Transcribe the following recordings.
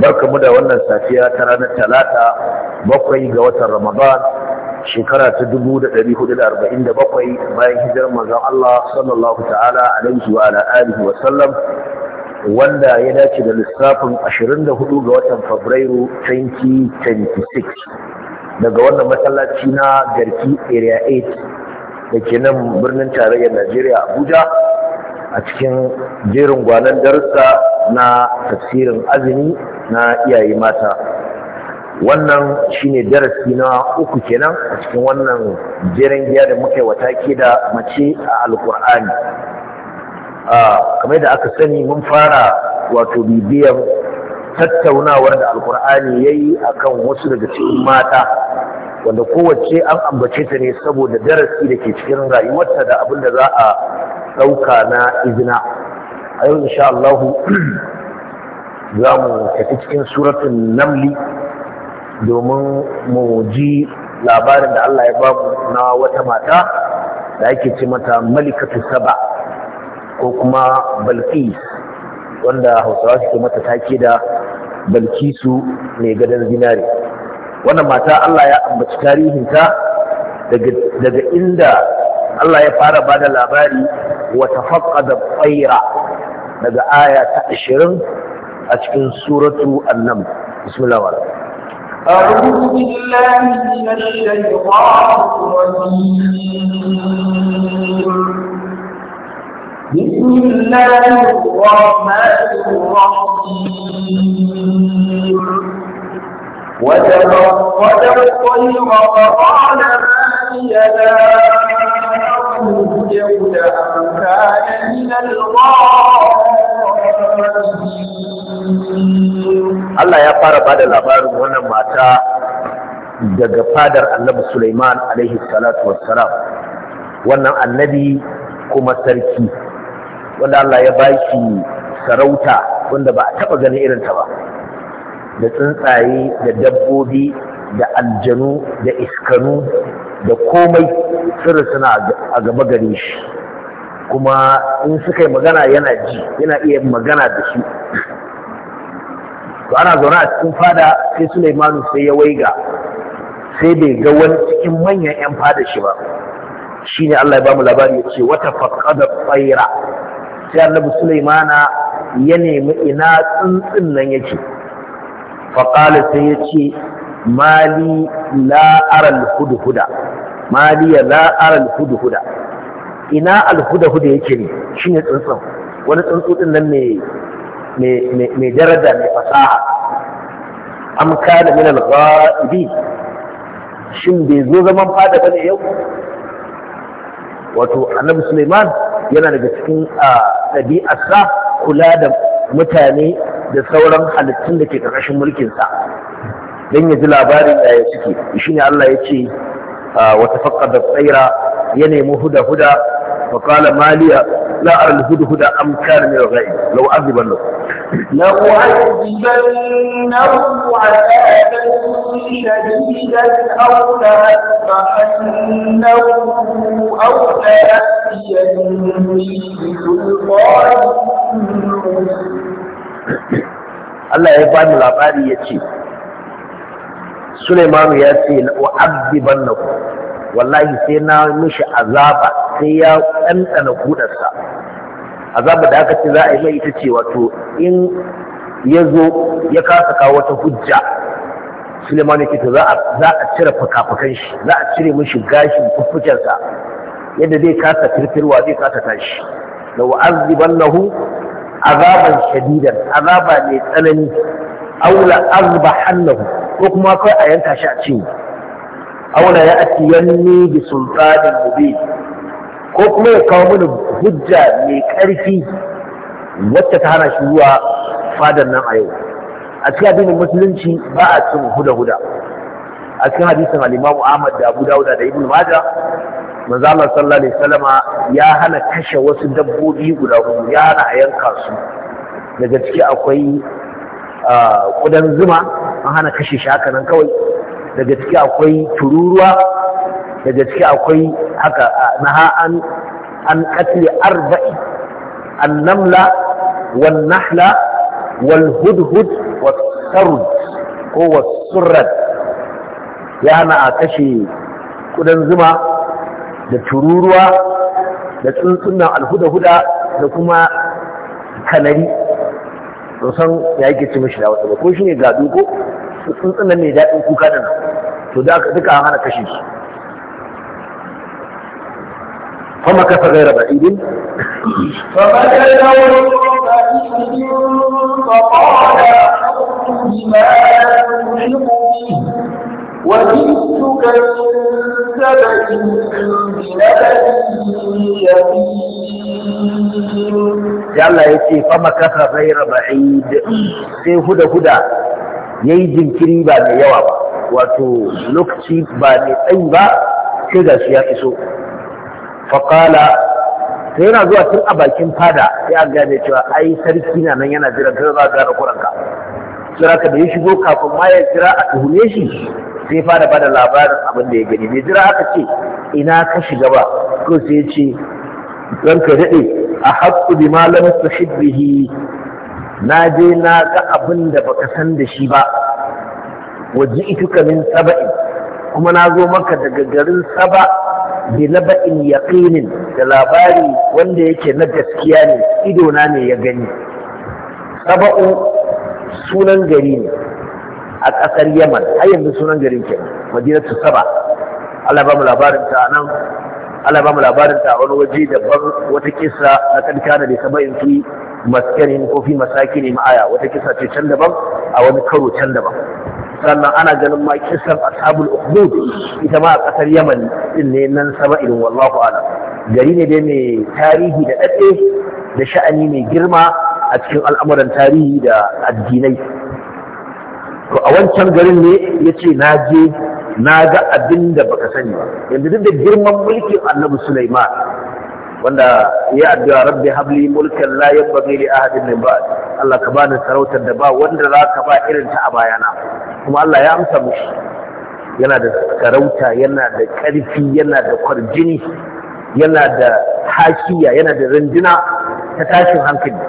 barka mu da wannan safiya ta ranar talata bakwai ga watan ramadan shekara ta 1447 bayan hijirar manzon Allah sallallahu ta'ala alaihi wa ala alihi wa sallam wanda ya dace da lissafin hudu ga watan fabrairu 2026 daga wannan masallaci na garki area 8 da ke nan birnin tarayyar Najeriya Abuja a cikin jerin gwanon darussa na tafsirin azumi na iyaye mata wannan shine darasi na uku kenan a cikin wannan jerin giya da muka yi wataki da mace a alkur'ani kamar da aka sani mun fara wato bibiyan tattaunawar da alkur'ani ya yi a wasu daga cikin mata wanda kowace an ambace ta ne saboda darasi da ke cikin rayuwarta da abin da za a ɗauka na izina a yau insha Allah za mu tafi cikin suratun namli domin mu ji labarin da Allah ya ba mu na wata mata da ake ce mata malikatu saba ko kuma balkis wanda hausawa suke mata take da balkisu mai gadon zinare wannan mata Allah ya ambaci tarihinta daga inda Allah ya fara ba da labari wata faƙa da tsaira daga aya ta ashirin a cikin suratu annam bismillah أعوذ بالله من الشيطان الرجيم بسم الله الرحمن الرحيم وتفقد الطير فقال ما لي لا اليوم أم كان من Allah ya fara ba da labarin wannan mata daga fadar annabi Sulaiman alaihi salatu wassalam wannan annabi kuma sarki wanda Allah ya ba shi sarauta wanda ba a taɓa ganin irinta ba da tsuntsaye da dabbobi da aljanu da iskanu da komai sirri suna a gaba gare shi kuma in suka yi magana yana ji yana iya magana da su to ana zaune a cikin fada sai Sulaimanu sai ya waiga sai bai ga wani cikin manyan 'yan fada shi ba Shi ne Allah ya ba mu labari ya ce wata faqada tsaira sai annabi Sulaimana ya nemi ina tsuntsun nan yake faƙala sai ya ce mali mali ya la'ar huda ina alhuda yake ne shi ne tsuntsun wani tsuntsun nan mai daraja mai fasaha An kada min al shin bai zo zaman fada bane yau wato annabi Suleiman yana daga cikin ɗabi'arsa kula da mutane da sauran halittun da ke ƙarƙashin mulkinsa don ya ji labarin yaya suke shi ne Allah ya ce ah, wata faƙa da tsaira ya nemi huda-huda فقال ما لي لا أرى الهدهد أم كان من الغيب لو النظر لو أذبنه عذابا شديدا أو لأسرحنه أو لأتيني بسلطان Allah ya ba mu labari ya ce, Suleimanu ya ce, Wa'abdi ban na ku, wallahi sai na mishi azaba sai ya ɗanɗana kudarsa azaba da aka ce za a yi mai ita ce wato in ya zo ya kasa kawo wata hujja Suleiman ya to za a cire fakafakan shi za a cire mishi gashin fuffukensa yadda zai kasa firfirwa zai kasa tashi da wa'azzibannahu azaban shadidan azaba mai tsanani aula azbahannahu ko kuma kai a yanka shi a cinye auna ya atiyanni bi sultanin mubin ko kuma ya kawo mini hujja mai ƙarfi wacce ta hana shi zuwa fadar nan a yau a cikin addinin musulunci ba a cin huda-huda a cikin hadisin Alimam Ahmad da Abu Dawud da Ibn Majah manzo Allah sallallahu alaihi wasallama ya hana kashe wasu dabbobi guda hudu ya hana a yanka su daga ciki akwai kudan ah, zuma an hana kashe shi haka nan kawai daga ciki akwai tururuwa daga ciki akwai haka na ha'an an katli arba'i annamla wan nahla wal hudhud was sarud ko was surrad ya hana a kashe kudan zuma da tururuwa da tsuntsunan alhuda-huda da kuma kanari san ya yake ci mashi da wata ba ko shi ne gadu ko tsuntsunan ne daɗin kuka da to duka an hana kashe shi kuma ka fa gaira baɗi din Ya Allah ya ce, "Fama kasa zai raba'i da sai huda-huda ya yi jinkiri ba mai yawa ba wato lokaci ba mai tsayi ba sai ga shi ya iso faƙala ta yana zuwa tun a bakin fada sai an gane cewa ai sarki na nan yana jiran ta za a gane kuranka kira ka da ya shigo kafin ma ya jira a tuhume shi sai fara bada labarin abin da ya gani mai jira aka ce ina ka shiga ba ko sai ya ce ranka daɗe a haƙƙu bi malamin su na je na ga abin da baka san da shi ba waje ituka min saba'in kuma na zo maka daga garin saba bi naba'in yaqinin da labari wanda yake na gaskiya ne ido na ne ya gani saba'u sunan gari ne a ƙasar yaman har yanzu sunan garin ke madinatu saba Allah ba mu labarin ta nan Allah ba mu labarin ta wani waje da wata kisa na kana da saba'in fi maskarin ko fi ne ma'aya wata kisa ce can daban a wani karo can daban sannan ana ganin ma kisan ashabul ukhdud ita ma a kasar yaman din ne nan sama irin wallahu ala gari ne dai mai tarihi da dade da sha'ani mai girma a cikin al'amuran tarihi da addinai to a wancan garin ne yace na je na ga abin da baka sani ba yanzu duk da girman mulkin annabi Sulaiman wanda ya addu'a rabbi habli mulkan la yabghi li ahadin min ba'd Allah ka bani sarautar da ba wanda za ka ba irin ta a bayana kuma Allah ya amsa mushi yana da sarauta yana da karfi yana da kwarjini yana da hakiya yana da rindina ta tashin hankali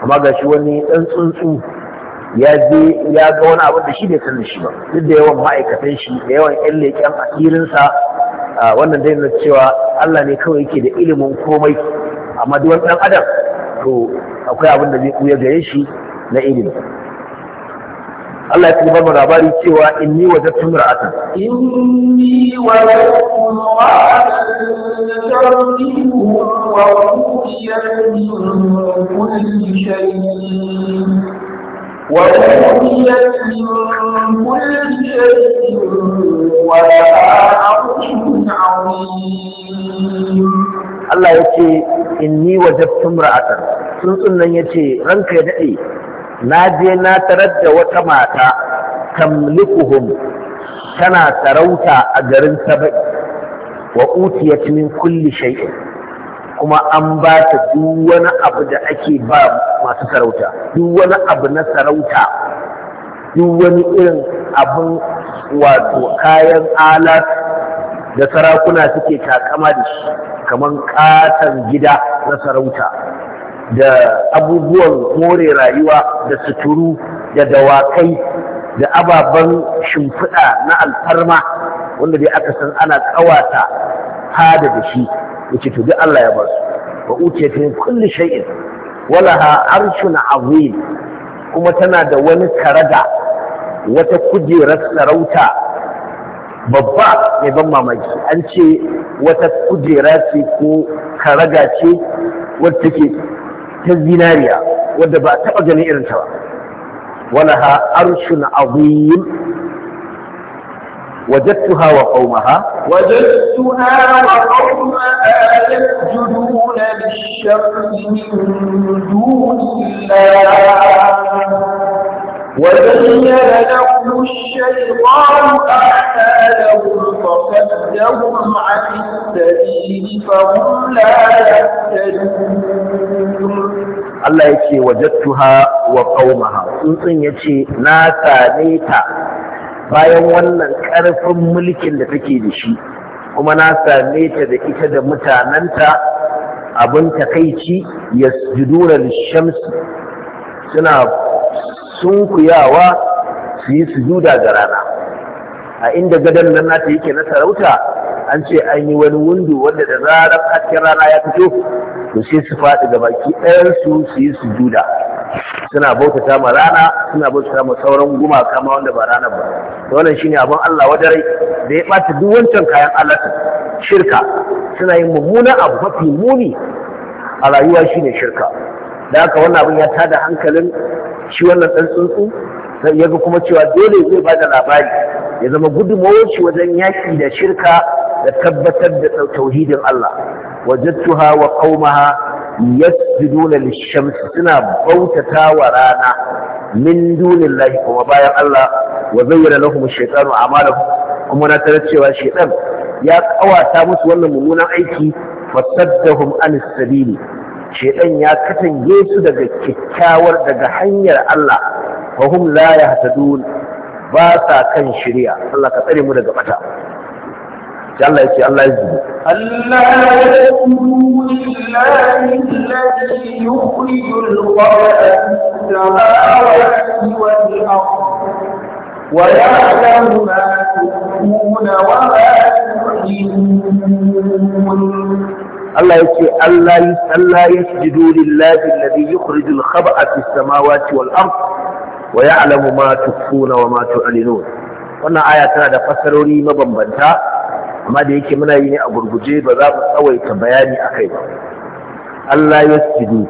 amma ga shi wani ɗan tsuntsu ya je ya ga wani abu da shi bai san shi ba duk da yawan ma'aikatan shi da yawan ƴan leƙen asirinsa Ah, wannan dai na cewa Allah ne kawai yake da ilimin komai amma duk wani adam to akwai abin da zai kuya gare shi na ilimi Allah ya kuma labari cewa inni wa zattu mar'atan inni wa zattu mar'atan wa من كل شيء ولها Allah ya ce, Inni wajabtu ra'atan, tsuntsun nan ya ce, Ranka ya daɗe, na je na tarar da wata mata, tamlikuhum tana sarauta a garin saba'i, wa ya min kulli shai'in. kuma an ba ta duk wani abu da ake ba masu sarauta duk wani abu na sarauta duk wani irin abin wato kayan alat da sarakuna suke takama da shi kamar katon gida na sarauta da abubuwan more rayuwa da suturu da dawakai da ababen shimfiɗa na alfarma wanda dai aka san ana ƙawata fada da shi yace to duk Allah ya ba su wa utiyat min kulli shay'in walaha arshun azim kuma tana da wani karaga wata kujerar sarauta babba mai ban mamaki an ce wata kujera ce ko karaga ce wadda take ta zinariya wadda ba a taɓa ganin irinta ba walaha arshun azim وجدتها وقومها وجدتها وقومها يسجدون للشمس من دون الله وزين لهم الشيطان أعمالهم فصدهم عن السبيل فهم لا يهتدون Allah ya ce wajattuha wa qaumaha tsuntsun ya ce na same ta bayan wannan ƙarfin mulkin da take da shi kuma na same ta da ita da mutanenta abin takaici ya judura shamsi suna sunkuyawa su yi sujuda ga rana a inda gadon nan nata yake na sarauta an ce an yi wani wundu wanda da zarar hasken rana ya fito to sai su faɗi gabaki ɗayansu su yi sujuda suna bautata ma rana suna bautata ma sauran gumaka ma wanda ba rana ba to wannan shine abin Allah dare da ya bata duk wancan kayan Allah shirka suna yin mummuna abu mafi muni a rayuwa shine shirka da haka wannan abin ya tada hankalin shi wannan dan tsuntsu sai yaga kuma cewa dole zai bada labari ya zama gudunmawar shi wajen yaki da shirka da tabbatar da tauhidin Allah wajadtuha wa qaumaha yasjuduna lish suna bautata wa rana min dunillahi kuma bayan Allah wa zayyana lahum ash-shaytanu a'malahum kuma na tarar cewa shaytan ya kawata musu wannan mummunan aiki fasaddahum an sabili shaytan ya katange su daga kyakkyawar daga hanyar Allah fa hum la yahtadun ba sa kan shari'a Allah ka tsare mu daga bata sai Allah ya ce Allah ya zubu Allah ya zubu lillahi alladhi Allah ya samawati wal ardh ويعلم ما تكون وما تعلنون الله يقول ألا ألا يسجدوا لله الذي يخرج الخبأ في السماوات wannan aya tana da fasarori mabambanta amma da yake muna yi ne a gurguje ba za mu tsawaita bayani a kai ba Allah ya sujudu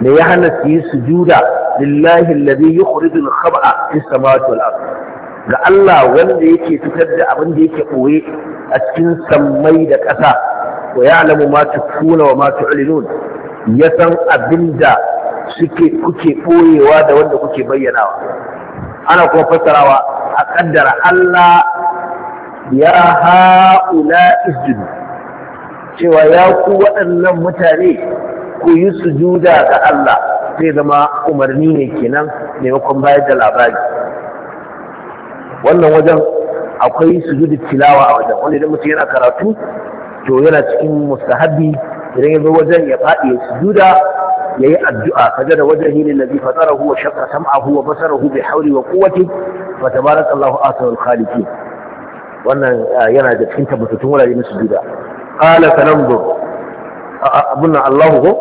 me ya hana su yi sujuda lillahi alladhi yukhrijul khaba'a samawati wal ardh ga Allah wanda yake fitar da abin da yake koye a cikin sammai da ƙasa wa ya'lamu ma tukuna wa ma tu'linun ya san abin da suke kuke ɓoyewa da wanda kuke bayyanawa ana kuma fassarawa a kaddara Allah ya ha'ula isjudu cewa ya ku waɗannan mutane ku yi sujuda ga Allah zai zama umarni ne kenan maimakon bayar da labari wannan wajen akwai sujudu tilawa a wajen wanda idan mutum yana karatu to yana cikin mustahabi idan ya zo wajen ya faɗi ya sujuda ya yi addu'a kaje da wajen hili lazi fatarahu wa shakka sam'ahu wa basarahu bi hauri wa quwwati fa tabarakallahu ahsanul khaliqin wannan eh, yana da cikin tabbatattun wurare na sujuda qala sananzur abun nan Allahu ko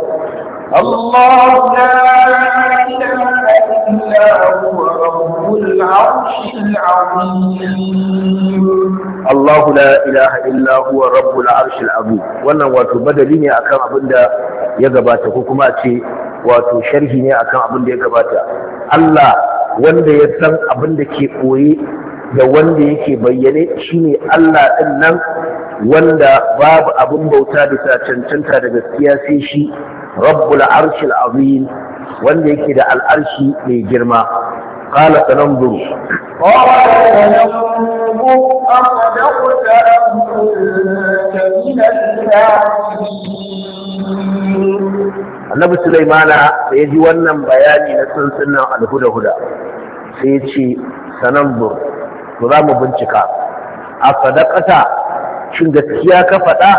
Allahu la ilaha illa huwa rabbul arshil azim Allahu la ilaha illa huwa rabbul arshil azim wannan wato badali ne akan abin da ya gabata ko kuma ce wato sharhi ne akan abin da ya gabata Allah wanda ya san abin da ke koyi ga wanda yake bayyane shine Allah ɗin nan wanda babu abin bauta ta cancanta da gaskiya sai shi rabbul arshil azim wanda yake da al'arshi mai girma qala sananzuru qala sananzuru Annabi Sulaimana da ya ji wannan bayani na sansunan alhuda-huda sai ya ce sanan bur to za mu bincika a sadakata shin gaskiya ka faɗa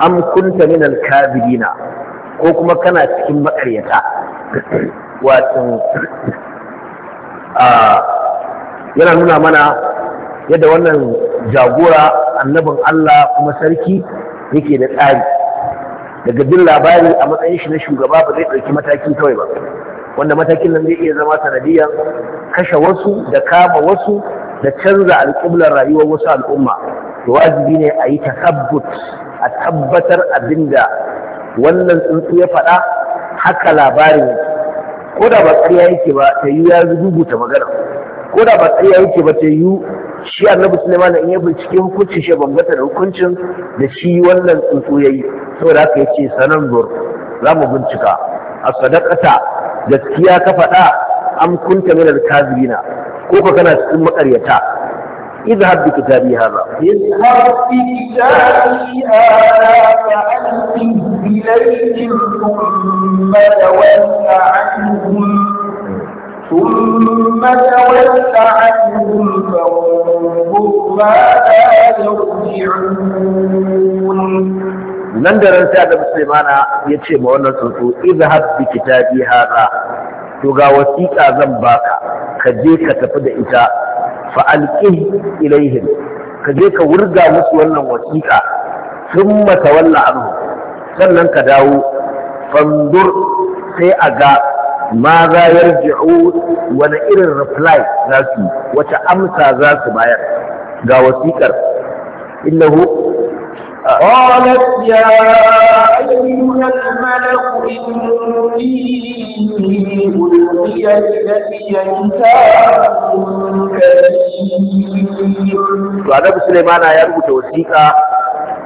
an kunta min al ko kuma kana cikin maƙaryata wato yana nuna mana yadda wannan jagora annabin Allah kuma sarki yake da tsari daga bin labari a matsayin shi na shugaba ba zai ɗauki mataki kawai ba wanda matakin nan zai iya zama sanadiyar kashe wasu da kama wasu da canza alƙiblar rayuwar wasu al'umma to wajibi ne a yi takabbut a tabbatar abin da wannan tsuntsu ya faɗa haka labarin ko da ba tsariya yake ba ta yi ya ta magana ko da ba tsariya yake ba ta yi shi annabi Sulaiman in ya bincike hukuncin shi bambata da hukuncin da shi wannan tsuntsu ya Sau saboda haka ce sanan zur za mu bincika a sadaqata gaskiya ka faɗa am kunta min al-kazibina ko ka kana cikin makaryata اذهب بكتابي هذا اذهب بكتابي هذا فألقه إليهم ثم تول عنهم ثم تول عنهم فانظر ماذا يرجعون nan da ran sai da musulmana ya ce ma wannan tsuntsu idhab bi kitabi hada to ga wasiƙa zan baka ka je ka tafi da ita fa alqih ilaihim ka je ka wurga musu wannan wasiƙa thumma tawalla anhu sannan ka dawo fandur sai a ga ma za yarji'u wani irin reply za su wace amsa za su bayar ga wasiƙar innahu قالت يا أيها الملك إني ألقي إلي كتاب ya rubuta wasiƙa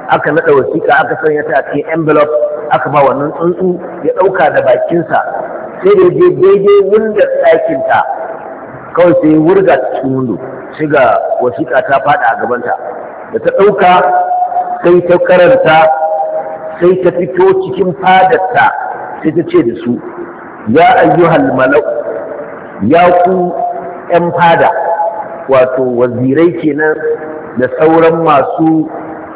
aka naɗa wasiƙa aka sanya ta a cikin envelope aka ba wannan tsuntsu ya ɗauka da bakinsa sai da je daidai wundar ɗakinta kawai sai wurga cikin wundo shiga wasiƙa ta faɗa a gabanta da ta ɗauka sai ta karanta sai ta fito cikin fadarta sai ta ce da su ya ayyuhal mala'u ya ku 'yan fada wato wazirai kenan da sauran masu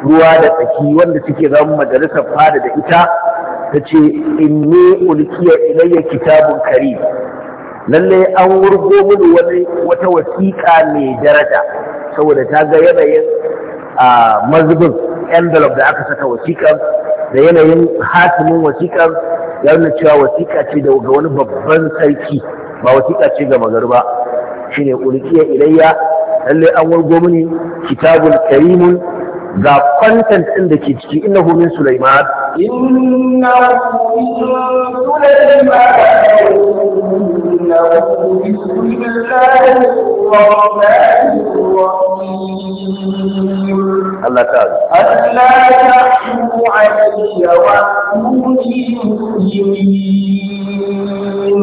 ruwa da tsaki wanda suke zama majalisar fada da ita ta ce ne ulkiya ilayya kitabun kare. Lallai an wurgo mini wani wata wasiƙa mai daraja saboda ta ga yanayin a mazubin envelope da aka saka wasiƙar da yanayin hatimin wasiƙar ya nuna cewa wasiƙa ce ga wani babban sarki ba wasiƙa ce ga magarba shine ulqiya ilayya lalle an wargo mini kitabul karimun ga kwantan ɗin da ke ciki innahu min Sulaiman innahu min Sulaiman Allah ta Allah ta ta'budu alayya wa kunni muslimin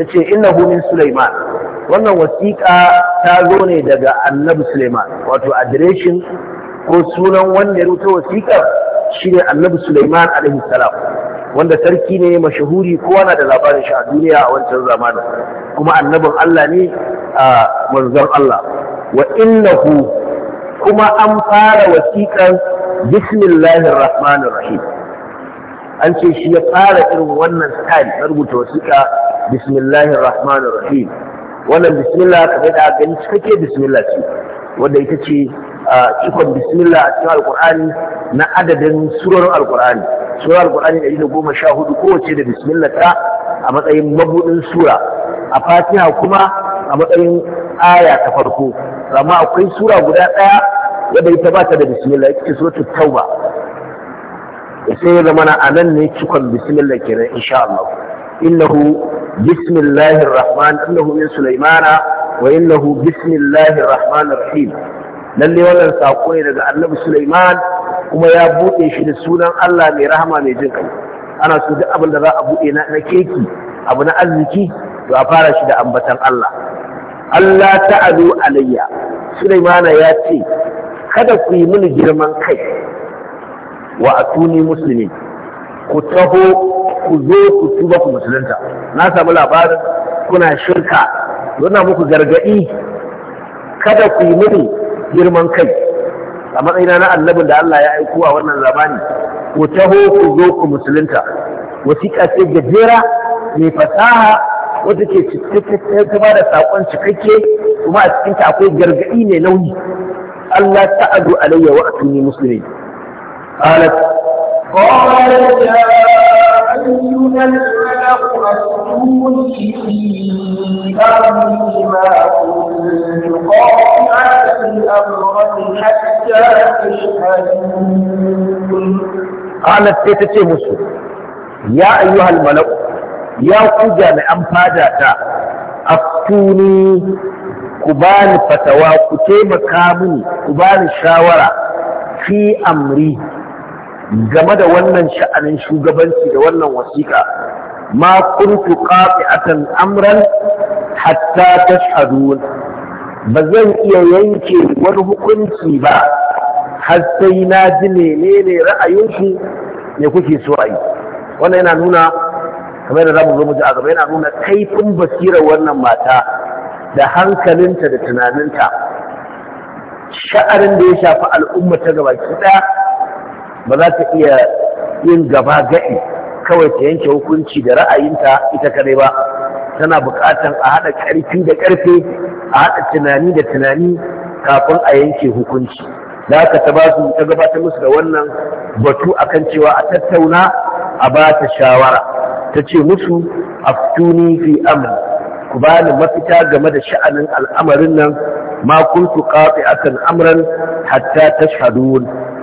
yace innahu min Sulaiman wannan wasiƙa ta zo ne daga Annabi Sulaiman wato adireshin ko sunan wanda ya rubuta Shi shine annabi Sulaiman alaihi salam wanda sarki ne mashahuri kowa na da labarin shi a duniya a wancan zamanin kuma annabin Allah ne a manzon Allah wa innahu kuma an fara wasiƙar bismillahir rahmanir rahim an ce shi ya fara irin wannan style na rubuta wasiƙa bismillahir rahmanir rahim wannan bismillah ka da gani cikakke bismillah ce wanda ita ce ikon bismillah a cikin alkur'ani na adadin surorin alkur'ani surar alkur'ani ɗari da goma sha hudu kowace da bismillah ta a matsayin mabuɗin sura a fatiha kuma a matsayin aya ta farko amma akwai sura guda ɗaya wadda ita ba ta da bismillah ita suratul tauba sai ya zama a nan ne cikon bismillah kenan insha Allah innahu bismillahir rahman innahu min sulaimana wa innahu bismillahir rahmanir rahim lalle wannan sako ne daga annabi Sulaiman kuma ya buɗe shi da sunan Allah mai rahama mai jin kai ana so duk abin da za a buɗe na keki abu na arziki to a fara shi da ambatan Allah Allah ta'alu alayya Sulaiman ya ce kada ku yi mini girman kai wa atuni muslimi ku taho ku zo ku tuba ku musulunta na samu labarin kuna shirka yana muku gargadi kada ku yi mini girman kai a matsayina na annabin da Allah ya aiko a wannan zamani ku taho ku zo ku musulunta wasiƙa ce gajera mai fasaha wata ke ta ba da saƙon cikakke kuma a cikinta akwai gargaɗi mai nauyi Allah ta adu alayya wa musulmi. Alat. qalat يدل له sai ta ce musu ya ayyuhal malaku ya ku jami'an fada ta a tuni ku ba ni fatawa ku taimaka mini ku ba ni shawara fi amri game da wannan sha'anin shugabanci da wannan wasiƙa ma kuntu qati'atan amran hatta tashhadun ba zan iya yanke wani hukunci ba har sai na ji menene ra'ayinku ne kuke so a yi wannan yana nuna kamar da zamu zo mu ji a gaba yana nuna kaifin basirar wannan mata da hankalinta da tunaninta sha'arin da ya shafi al'umma ta gabaki ɗaya ba za ta iya yin gaba gaɗi kawai ta yanke hukunci da ra'ayinta ita kadai ba tana buƙatar a haɗa ƙarfi da ƙarfe a haɗa tunani da tunani kafin a yanke hukunci da haka ta ba su ta gabatar musu da wannan batu akan cewa a tattauna a ba ta shawara ta ce musu aftuni fi amri ku ba ni mafita game da sha'anin al'amarin nan ma kuntu qati'atan amran hatta tashhadun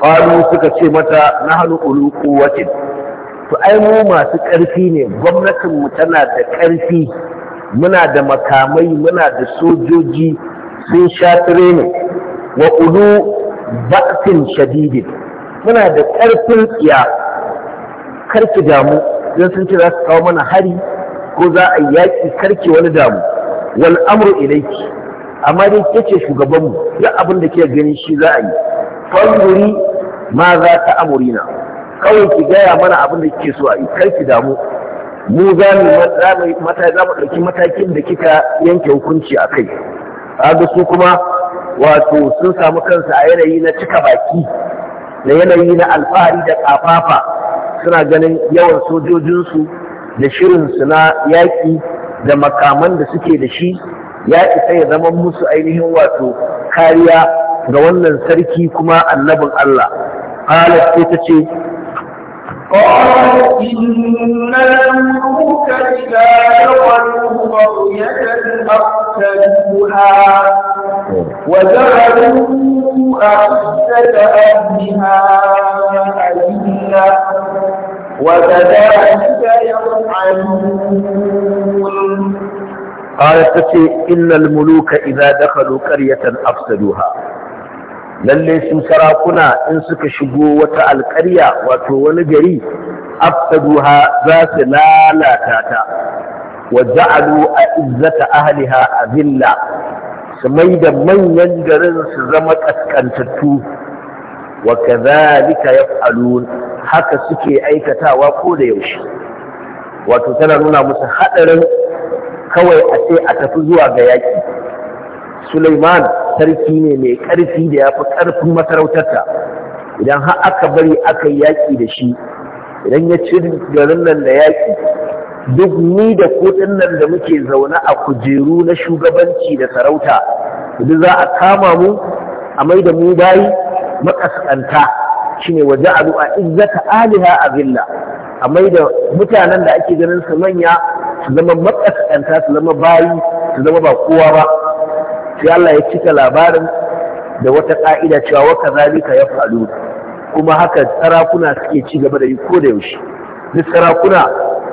qalu suka ce mata na hannu ulu ko to ai mu masu ƙarfi ne gwamnatin mu tana da ƙarfi muna da makamai muna da sojoji sun sha training wa ulu ba'sin shadidin muna da ƙarfin tsiya karki damu don sun ce za su kawo mana hari ko za a yaƙi karki wani damu wal amru ilaiki amma dai ke ce shugabanmu duk abin da gani shi za a yi fanzuri ma za ta amurina kawai ki gaya mana abin da kike so a yi kar ki damu mu za mu ɗauki matakin da kika yanke hukunci a kai kaga su kuma wato sun samu kansu a yanayi na cika baki da yanayi na alfahari da ƙafafa suna ganin yawan sojojinsu da shirinsu na yaƙi da makaman da suke da shi ya isa ya zama musu ainihin wato kariya ga wannan sarki kuma annabin Allah ƙala sai ta ce قالت تتي إن الملوك إذا دخلوا قرية أفسدوها lalle su sarakuna in suka shigo wata alƙarya wato wani gari afsaduha za su lalata ta wa ja'alu a izzata ahliha azilla su mai da manyan garin su zama kaskantattu wa kadhalika yaf'alun haka suke aikatawa ko da yaushe wato tana nuna musu hadarin kawai a ce a tafi zuwa ga yaki Suleiman sarki ne mai ƙarfi da ya fi ƙarfin masarautarta idan har aka bari aka yaƙi da shi idan ya ci garin nan da yaƙi duk ni da kudin nan da muke zaune a kujeru na shugabanci da sarauta idu za a kama mu a mai da mu bayi makaskanta ne waje a in izzata aliha a zilla a mai da mutanen da ake ganin su manya su zama makaskanta su zama bayi su zama ba kowa ba sai Allah ya cika labarin da wata ƙa'ida cewa waka zalika ya faru kuma haka sarakuna suke ci gaba da yi ko da yaushe duk sarakuna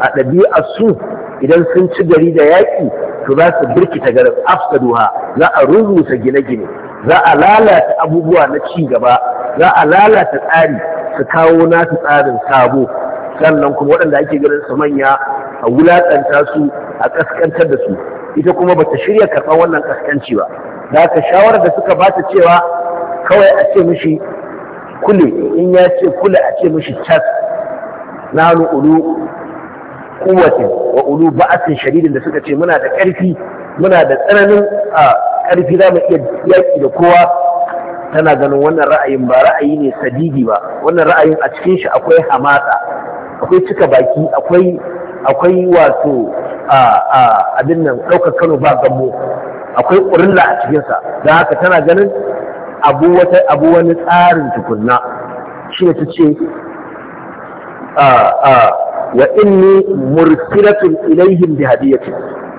a ɗabi'a su idan sun ci gari da yaƙi to za su birkita garin afsaduha za a rubuta gine-gine za a lalata abubuwa na ci gaba za a lalata tsari su kawo nasu tsarin sabo sannan kuma waɗanda ake ganin su manya a wulaƙanta su a ƙasƙantar da su ita kuma bata shirya karɓar wannan kaskanci ba da ka shawarar da suka ba ta cewa kawai a ce mishi kule in ya ce kule a ce mishi cas nanu ulu kuwatin wa ulu ba'asin shadidin da suka ce muna da ƙarfi muna da tsananin a ƙarfi za mu iya yaƙi da kowa tana ganin wannan ra'ayin ba ra'ayi ne sadidi ba wannan ra'ayin a cikin shi akwai hamata akwai cika baki akwai akwai wato abin nan ɗaukar kano ba gambo akwai ƙurilla a cikinsa don haka tana ganin abu wata abu wani tsarin tukunna shi ne ta ce wa inni mursilatun ilaihim bi hadiyatin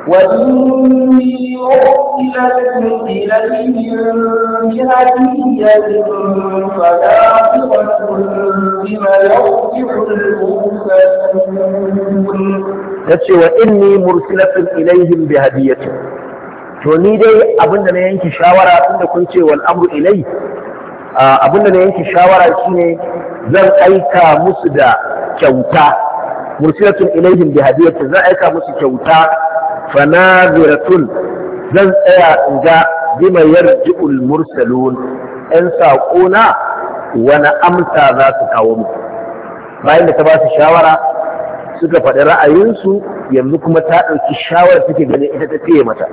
وإني أرسلت wa inni mursilatun ilaihim bi hadiyati to ni dai abinda na yanki shawara tunda kun ce wal amru ilai abinda na yanki shawara shine zan aika musu da kyauta mursilatun ilaihim bi hadiyatin a aika musu kyauta fanaziratun zan tsaya in ga bima yarji'ul mursalun saƙona wani amsa za su kawo mu bayan da ta ba su shawara suka faɗi ra'ayinsu yanzu kuma ta ɗauki shawarar take ganin ita ta fiye mata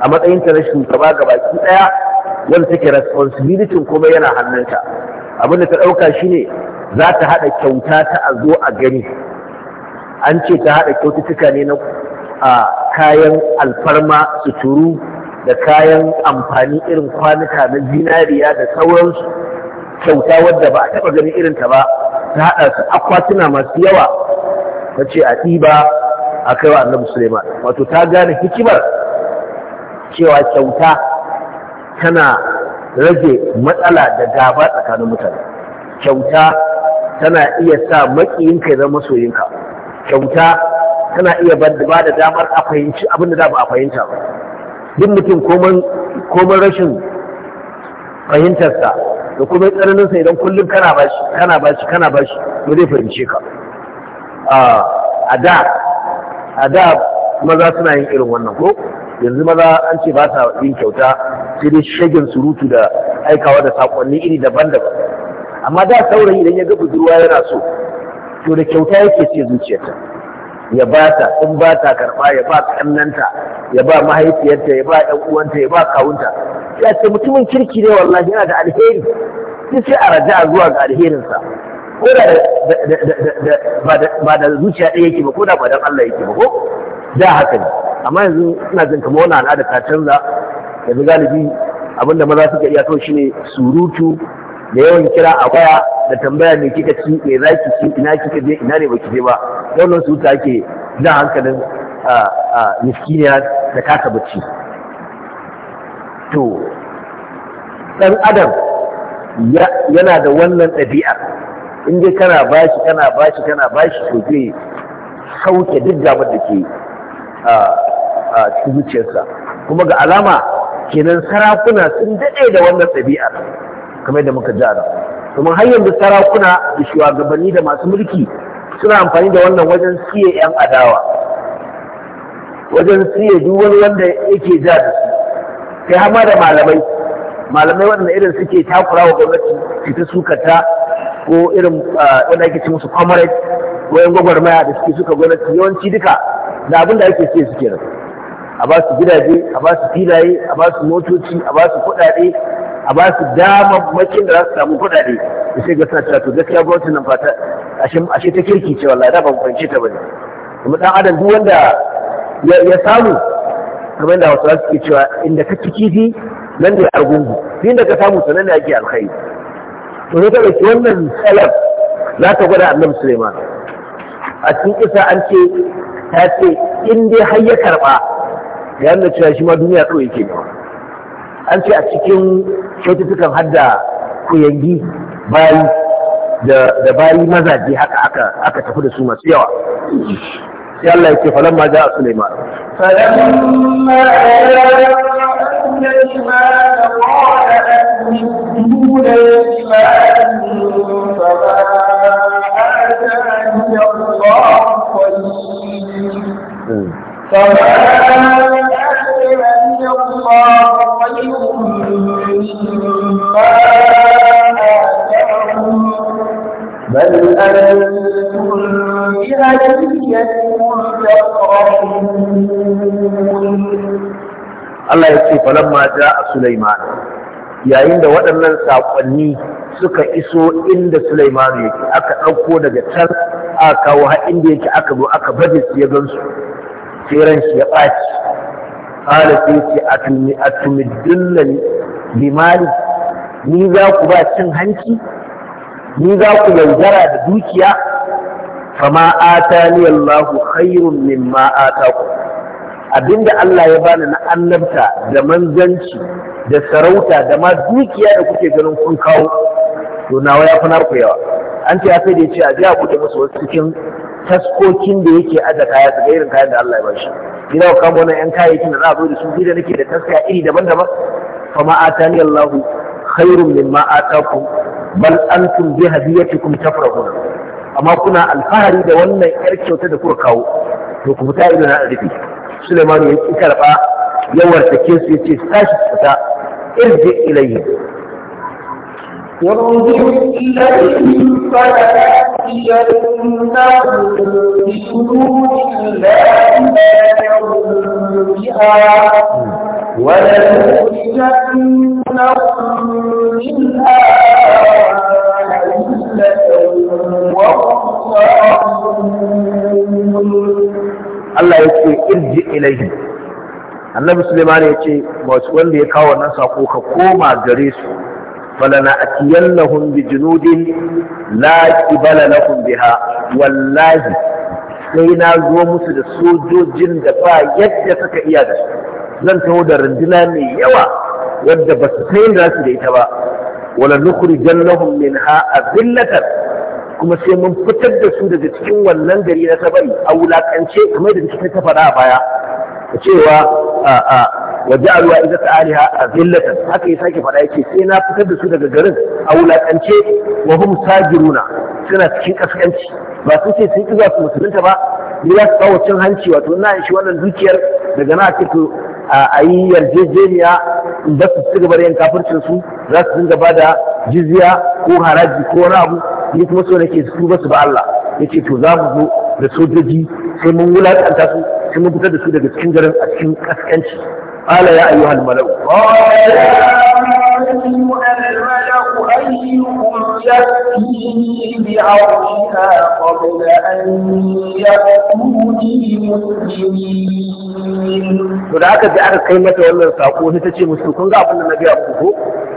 a matsayin ta na shugaba ga baki ɗaya wanda take responsibility kuma yana hannunta abin da ta ɗauka shine za ta haɗa kyauta ta a zo a gani an ce ta haɗa kyaututtuka ne na kayan alfarma suturu da kayan amfani irin kwanuka na zinariya da sauransu kyauta wadda ba a taɓa ganin irin ta ba ta haɗa su akwatuna masu yawa ta ce a ɗiba a kai wa annabi suleiman wato ta gane hikimar cewa kyauta tana rage matsala da gaba tsakanin mutane kyauta tana iya sa maƙiyinka ya zama soyinka kyauta tana iya ba da damar a fahimci abin da za ba a fahimta ba duk mutum komar rashin fahimtarsa da kuma tsananinsa idan kullum kana ba shi, kana ba shi, kana ba shi, ba zai fahimce ka a da maza suna yin irin wannan ko yanzu maza an ce ba ta yin kyauta sai dai shagin surutu da aikawa da sakonni iri daban-daban amma da saurayi idan ya ga budurwa yana so to da kyauta yake ce zuciyarta ya ba ta in ba ta karɓa ya ba kannanta ya ba mahaifiyarta ya ba ɗan uwanta ya ba kawunta ya ce mutumin kirki ne wallahi yana da alheri sai sai a raja zuwa ga alherinsa ko da ba da zuciya ɗaya yake ba ko da ba dan Allah yake ba ko da haka ne amma yanzu ina jin kamar wannan al'ada ta canza yanzu galibi abinda maza suka iya kawai shine surutu da yawan kira a baya da tambaya me kika ci me za ki ci ina kika je ina ne baki je ba wannan su ta ke da hankalin miskiniya da kasa bacci to dan adam yana da wannan ɗabi'a in dai kana bashi kana bashi kana bashi to zai sauke duk damar da ke a cikin zuciyarsa kuma ga alama kenan sarakuna sun daɗe da wannan ɗabi'ar kamar da muka jara a domin har yanzu sarakuna da shugabanni da masu mulki suna amfani da wannan wajen siye 'yan adawa wajen siye duk wani wanda yake ja da su sai hama da malamai malamai waɗanda irin suke takura wa gwamnati fita sukata ko irin ah, wanda ake ce musu comrade wayan gwagwarmaya da suke suka gwamnati yawanci duka da abin da ake siye suke rasu a ba su gidaje a ba su filaye a ba su motoci a ba su kuɗaɗe a ba su makin da za su samu kuɗaɗe da sai ga suna to gaskiya gwamnatin nan fata ashe ta kirki ce wallahi da ban kwance ta bane kuma dan adam duk wanda ya samu kamar da wasu suke cewa inda ka kifi nan da argungu duk da ka samu sanan da ake alkhairi to ne ka dauki wannan salaf za ta gwada annabi Suleiman a cikin isa an ce ta ce in dai har ya karba ya nuna cewa shi ma duniya kawai yake nawa an ce a cikin kyaututtukan hadda yangi bayi da bayi mazaje haka aka tafi da su masu yawa sai Allah ya ce falon ma ja'a Sulaiman falamma فما بل Allah ya ce falamma ja a Sulaiman yayin da waɗannan saƙonni suka iso inda Sulaiman yake aka ɗauko daga can a kawo har inda yake aka zo aka baje su ya gansu sai ran shi ya ɓaci qala sai ce dillani. bimali ni za ku ba cin hanci ni za ku yaudara da dukiya fama ni Allahu khairun mimma ku! abinda Allah ya bani na annabta da manzanci da sarauta da ma dukiya da kuke ganin kun kawo to nawa ya fi narku yawa an ce ya sai da ce a ku kuke musu wasu cikin taskokin da yake aza kaya su ga irin kayan da Allah ya bashi ni ku kama wannan yan kayayyakin da za a zo da su da nake da taska iri daban-daban فما آتاني الله خير مما آتاكم بل أنتم بهديتكم تفرحون أما كنا الفهري ده وانا يركي da kuka kawo, to ku fita ido يوار تكيس Suleiman تاشت فتا ارجع إليه take إلى yace tashi fita irji لا يؤمن بها ولنخرجنهم منها Allah ya ce irji ilaihi annabi Suleiman ya ce masu wanda ya kawo wannan sako ka koma gare su falana atiyannahum bi junudin la qibala lahum biha wallahi sai na zo musu da sojojin da ba yadda suka iya da su zan taho da runduna mai yawa wadda ba su sayin da su da ita ba wala nukuri jannahum min ha a azillatan kuma sai mun fitar da su daga cikin wannan gari na tabari a wulakance kamar da cikin ta faɗa a baya cewa a a wa ja'alwa idza ta'aliha azillatan haka ya sake faɗa yake sai na fitar da su daga garin a wulakance wa hum sajiruna suna cikin kaskanci ba su ce sun ƙi za su musulunta ba ni za su kawo cin hanci wato na shi wannan dukiyar daga na ce a yi yarjejeniya da su ci gaba da yin kafircin su za su dinga ba da jizya ko haraji ko wani abu ni kuma so nake su ba su ba Allah yace to za mu zo da sojoji sai mun wulakanta su sai mun fitar da su daga cikin garin a cikin kaskanci قال يا أيها الملأ قال يا أيها يأتي بعرشها قبل أن يأتوني مسلمين to da aka je aka kai mata wannan sako sai ta ce musu kun ga abin da na gaya muku ko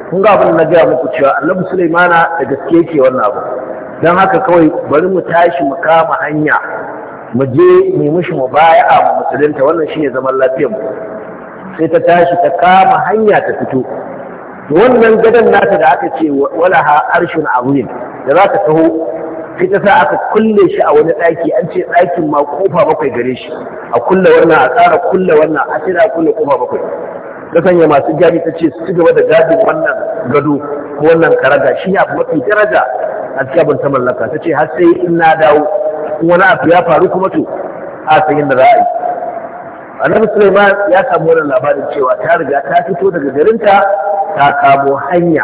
kun ga abin da na gaya muku cewa annabi sulaimana da gaske yake wannan abu don haka kawai bari mu tashi mu kama hanya mu je mu mishi mu baya a musulunta wannan shine zaman lafiyar mu sai ta tashi ta kama hanya ta fito wannan gadan nata da aka ce walaha arshun azim da za ta taho sai ta sa aka kulle shi a wani ɗaki an ce ɗakin ma kofa bakwai gare shi a kulle wannan a tsara kulle wannan a tsira da kulle kofa bakwai da sanya masu jami ta ce su ci gaba da gadin wannan gado ko wannan karaga shi ne mafi daraja a cikin ta mallaka ta ce har sai in na dawo in wani abu ya faru kuma to a sanyin da za a yi annabi suleiman ya samu wannan labarin cewa ta riga ta fito daga garinta ta kamo hanya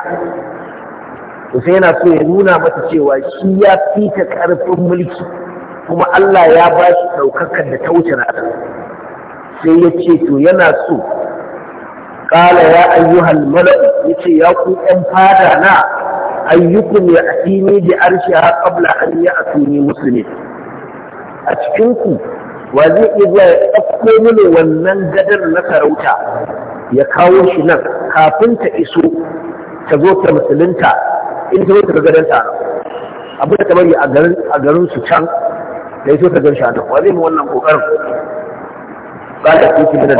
to yana so ya nuna mata cewa shi ya fi ta karfin mulki kuma Allah ya ba shi ɗaukakar da ta wuce na sai ya ce to yana so ƙala ya ayyuhal mala'u ya ce ya ku ɗan fada na ayyukun ya asini da arshi ha ƙabla an yi a asini musulmi a cikinku wa zai iya zuwa ya ɗauko mini wannan gadar na sarauta ya kawo shi nan kafin ta iso ta zo ta musulunta in zo ta gadan ta abu da kamar a a garin su can da ya so ta garin shanta ko zai mu wannan kokarin ba kuki da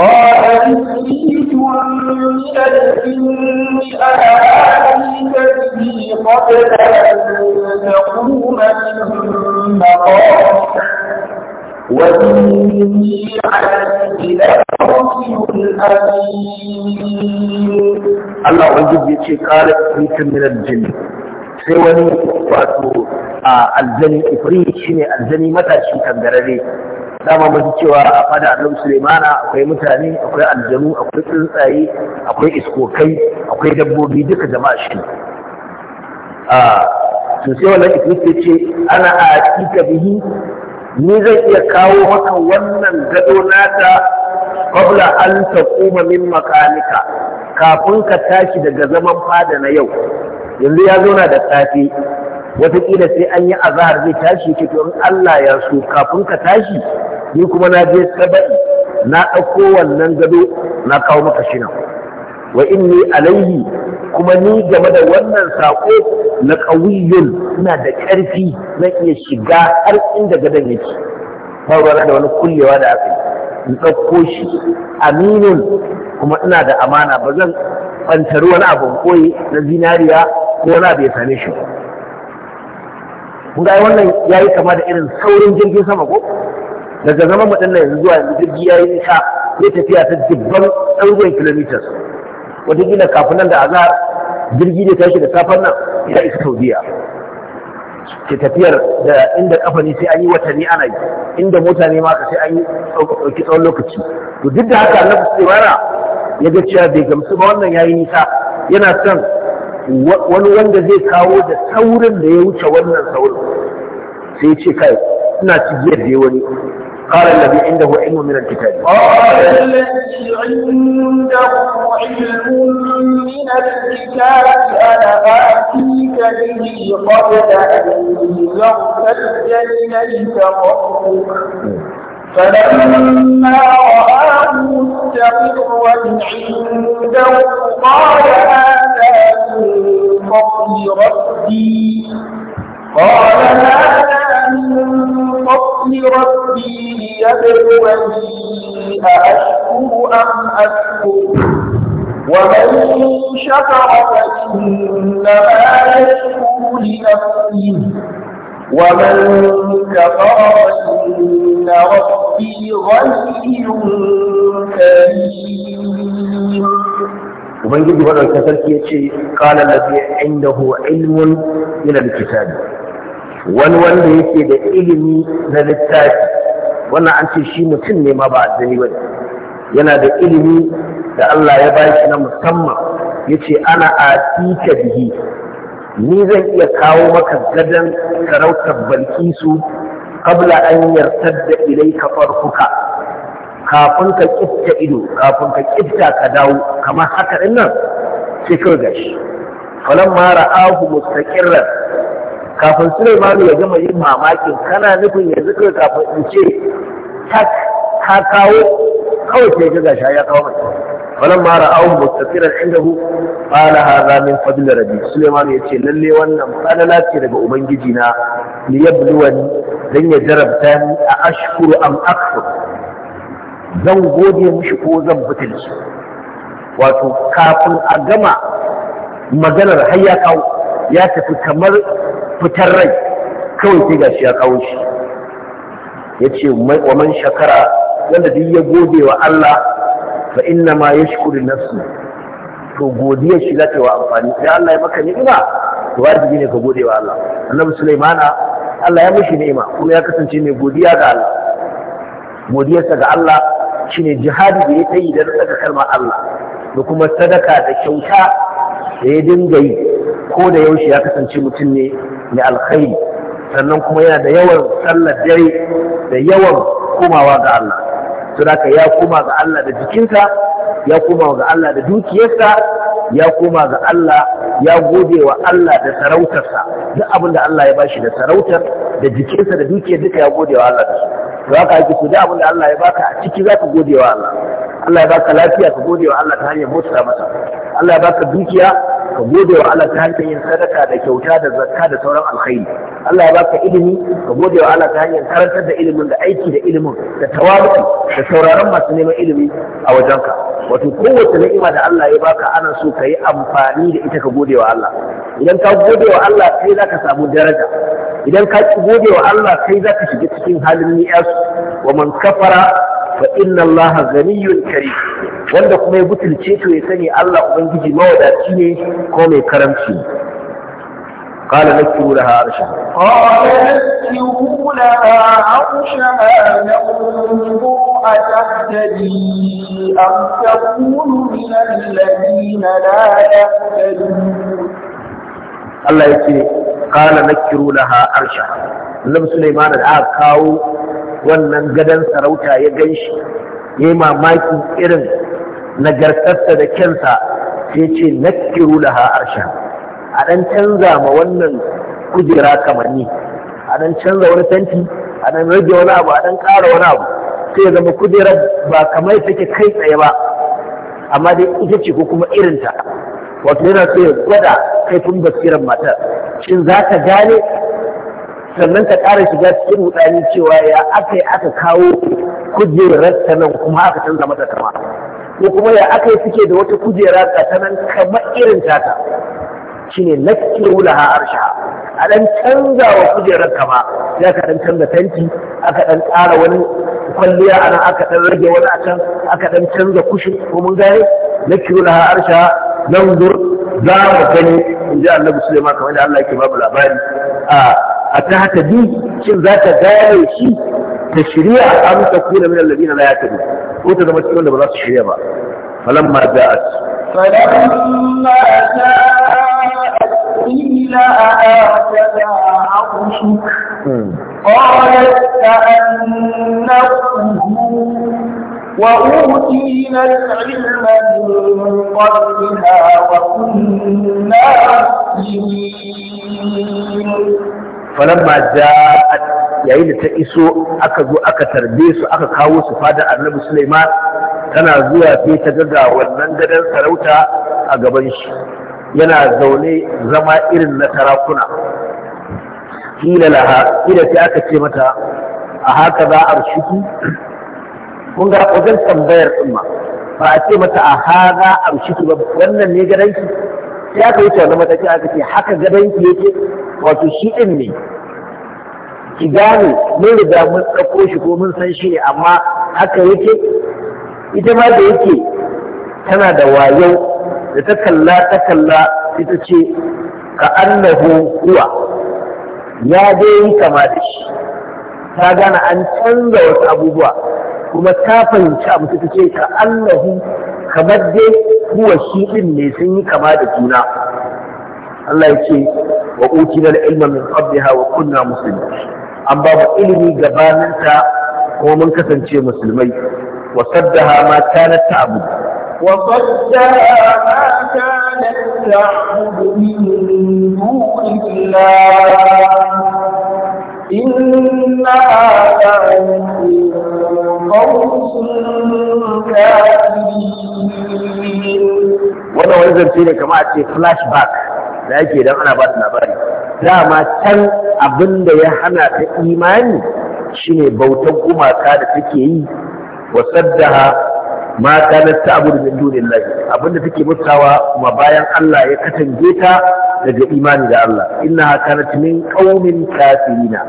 Allah wajen ya ce ƙarar mutum minar jini sai wani wato aljani shi shine aljani matashi kangarare dama mun cewa a fada annabi Sulaimana akwai mutane akwai aljanu akwai tsuntsaye akwai iskokai akwai dabbobi duka jama'a shi a to sai wannan ce ana atika bihi ni zan iya kawo maka wannan gado nata qabla an taquma min makanika kafin ka tashi daga zaman fada na yau yanzu ya zauna da safe watakila sai an yi azahar zai tashi ke to in Allah ya so kafin ka tashi ni kuma na je saba'i na ɗauko wannan gado na kawo maka shi nan wa inni alaihi kuma ni game da wannan saƙo na ƙawiyyun ina da ƙarfi na iya shiga har inda gadon yake ba ruwa da wani kullewa da aka yi in ɗauko shi aminin kuma ina da amana ba zan ɓantari wani abin koyi na zinariya ko wani abu ya same shi kun wannan ya yi kama da irin saurin jirgin sama ko daga zaman mutum na yanzu zuwa yanzu jirgi ya yi nisa ya tafiya ta dubban ɗaruruwan kilomitas gina kafin nan da za jirgi ne tashi da safen nan ya isa saudiya ke tafiyar da inda kafa ne sai an yi watanni ana yi inda mota ne ma sai an yi ɗauki tsawon lokaci to duk da haka na tsibara ya ga cewa bai gamsu ba wannan yayi nisa yana son wani wanda zai kawo da saurin da ya wuce wannan saurin sai ya ce kai ina cigiyar da wani قال الذي عنده علم من الكتاب قال الذي عنده علم من الكتاب أنا آتيك به قبل أن يرتد إليك قبلك فلما رآه مستقرا عنده قال هذا من فضل ربي قال هذا من فضل ربي ليبلوني أأشكر أم أشكر ومن شكر فإنما يشكر لنفسه ومن كفر فإن ربي غني كريم Ubangiji waɗanda sarki ya ce, Kala lafiya inda huwa ilmun ila littafi, wani wanda yake da ilimi na littafi, wannan an ce shi mutum ne ma ba a zani ba yana da ilimi da Allah ya bashi na musamman, ya ce ana a bihi ni zan iya kawo maka gadon sarautar balkisu kabla an ilai ka farfuka kafin ka kifta ido kafin ka kifta ka dawo kamar haka din nan sai kawai gashi ma ra'ahu mustaqirran kafin Sulaiman ya gama yin mamakin kana nufin yanzu kai kafin in ce tak ka kawo kawai sai ka gashi ya kawo mai Walan mara a ungu da tsirar inda ba na haramin faɗu da rabi. Suleiman wannan fa da daga Ubangiji na, yabluwani dan ya iya ni a ashuru am akhru, zan gode mushi ko zan fitilki? Wacu kafin a gama maganar haihakawu ya tafi kamar fitar rai kawai sai ga shi a ƙaunshi? Yace wa mun shakara, wanda biyu ya gode wa Allah. fa inna ma yashkuru nafsu to godiya shi za ta yi wa amfani sai Allah ya maka ni'ima to wajibi ne ka gode wa Allah annabi Sulaimana Allah ya mishi ni'ima kuma ya kasance mai godiya ga Allah godiyarsa ga Allah shine jihadi da ya tayi da saka kalmar Allah da kuma sadaka da kyauta da ya dinga yi ko da yaushe ya kasance mutum ne mai alkhairi sannan kuma yana da yawan sallar dare da yawan komawa ga Allah to ya koma ga Allah da jikinsa ya koma ga Allah da dukiyarsa ya koma ga Allah ya gode wa Allah da sarautarsa duk abin da Allah ya bashi da sarautar da jikinsa da dukiyar duka ya gode wa Allah da su to haka ake so duk abin da Allah ya baka a ciki za ka gode wa Allah Allah ya baka lafiya ka gode wa Allah ta hanyar motata masa Allah ya baka dukiya ka gode wa Allah ta hanyar yin sadaka da kyauta da zakka da sauran alkhairi Allah ya baka ilimi ka gode wa Allah ta hanyar karantar da ilimin da aiki da ilimin da tawazu da sauraron masu neman ilimi a wajenka wato kowace ni'ima da Allah ya baka ana so ka yi amfani da ita ka gode wa Allah idan ka gode wa Allah sai zaka samu daraja idan ka gode wa Allah sai zaka shiga cikin halin ni'as wa man kafara fa inna allaha ghaniyyun karim wanda kuma ya butulce to ya sani Allah ubangiji mawadaci ne ko mai karamci قال نكروا لها عرشها قال نكروا لها عرشها ننظر أتهتدي أم تكون من الذين لا يهتدون الله يقول قال نكروا لها عرشها النبي سليمان الآب كاو wannan gadon sarauta ya gan shi ya yi mamaki irin nagartarsa da kyansa sai ce na kiru da ha'arsha a ɗan canza ma wannan kujera kamanni a ɗan canza wani tanti a ɗan rage wani abu a ɗan ƙara wani abu sai zama kujerar ba kamar take kai tsaye ba amma dai ita ce ko kuma irinta wato yana so ya gwada kaifin basirar matar shin za ta gane sannan ka ƙara shiga cikin rudani cewa ya aka yi aka kawo kujerar ta nan kuma aka canza mata kama ko kuma ya aka yi suke da wata kujera nan kamar irin tata shine lakke wulaha arsha a dan canza wa kujerar kama ya ka ɗan canza tanti aka ɗan ƙara wani kwalliya nan aka ɗan rage wani a can aka ɗan canza kushin ko mun gane lakke wulaha arsha nan zur za mu gani in ji annabi Sulaiman kamar da Allah yake babu labari a a ta haka bi shin za ta gane shi ta shirya an ta kuna min alladina la yatadu ko ta zama cikin wanda ba za su shirya ba falamma ja'at falamma ja'at قيل أآتنا عرشك قالت كأنه وأوتينا العلم من قبلها وكنا مسلمين falamma ja'at yayin da ta iso aka zo aka tarbe su aka kawo su fadar annabi Sulaiman tana zuwa sai ta ga wannan gadon sarauta a gaban shi yana zaune zama irin na sarakuna kila laha kila sai aka ce mata a haka za a rushuki kun ga wajen tambayar din ma ba a ce mata a haza a rushuki ba wannan ne gadon ki ya kai ta wani mataki aka ce haka ki yake wato shi din ne ki gane mun riga mun ɗauko shi ko mun san shi ne amma haka yake ita ma da yake tana da wayo da ta kalla ta kalla ita ce ka annahu huwa ya dai yi kama da shi ta gane an canza wasu abubuwa kuma ta fahimci abu ta ce ka annahu kamar dai Kuwa shi din ne sun yi kama da juna Allah ya ce wa utina al-ilma min qabliha wa kunna muslimin an ba mu ilimi gabaninta kuma mun kasance musulmai wa saddaha ma kanat ta'bud wa saddaha ma kanat ta'bud min dunillah إنها كانت قوم كافرين wani zance ne kama a ce flashback da ake don ana ba su labari dama can abin da ya hana ta imani shine bautan gumaka da take yi wa saddaha ma kanat ta'budu min Abin da take mutawa kuma bayan Allah ya katange ta daga imani da Allah innaha kanat min qaumin kafirina